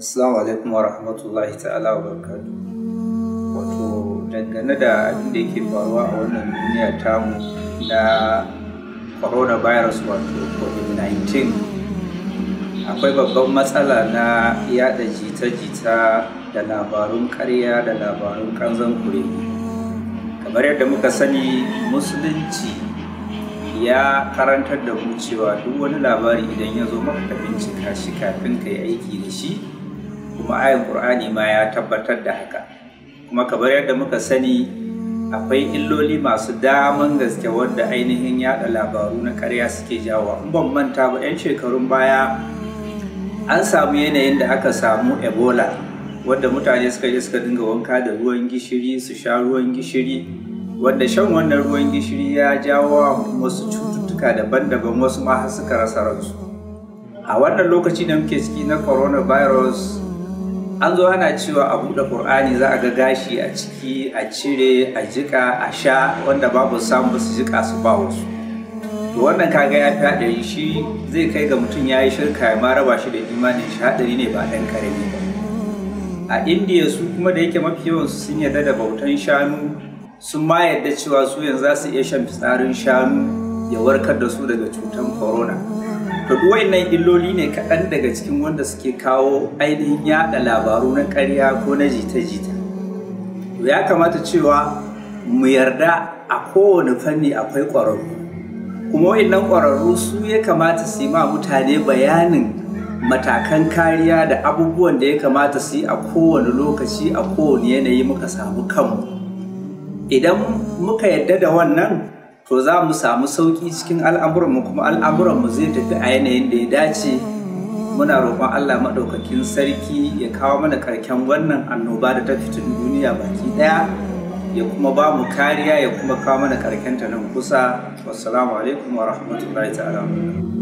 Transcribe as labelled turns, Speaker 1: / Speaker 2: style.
Speaker 1: Assalamu alaikum wa rahmatullahi ta'ala wa barakatu. Wato dangane da abin da yake faruwa a wannan duniya tamu na virus wato COVID-19 akwai babban matsala na yada jita-jita da labarun karya da labarun kanzan kure. Kamar yadda muka sani musulunci ya karantar da mu cewa duk wani labari idan ya zo maka bincika shi kafin ka yi aiki da shi kuma ayin ƙur'ani ma ya tabbatar da haka kuma kamar yadda muka sani akwai illoli masu daman gaske wadda ainihin yada labaru na karya suke jawo in ban manta ba 'yan shekarun baya an samu yanayin da aka samu ebola wadda mutane suka je suka dinga wanka da ruwan gishiri su sha ruwan gishiri wadda shan wannan ruwan gishiri ya jawo wa wasu cututtuka daban-daban wasu ma suka rasa ransu a wannan lokaci da muke ciki na coronavirus an zo ana cewa a buɗe ƙur'ani za a ga gashi a ciki a cire a jika a sha wanda babu samu su jika su ba wasu to wannan kaga ya fi haɗari shi zai kai ga mutum ya yi shirka ya ma raba shi da imanin shi haɗari ne ba ɗan ƙarami ba a indiya su kuma da yake mafi yawan su sun yarda da bautan shanu sun ma yarda cewa su yanzu za su iya shan fitsarin shanu ya warkar da su daga cutar corona to wayannan illoli ne kaɗan daga cikin wanda suke kawo ainihin yaɗa labaru na ƙarya ko na jita-jita to ya kamata cewa mu yarda a kowane fanni akwai ƙwararru kuma wayannan ƙwararru su ya kamata su yi ma mutane bayanin matakan kariya da abubuwan da ya kamata su yi a kowane lokaci a kowane yanayi muka samu kanmu idan muka yarda da wannan to za mu samu sauki cikin al'amuranmu kuma al'amuranmu zai tafi a yanayin da ya dace muna roƙon Allah maɗaukakin sarki ya kawo mana karken wannan annoba da ta fitin duniya baki ɗaya ya kuma ba mu kariya ya kuma kawo mana ta nan kusa wassalamu alaikum wa rahmatullahi ta'ala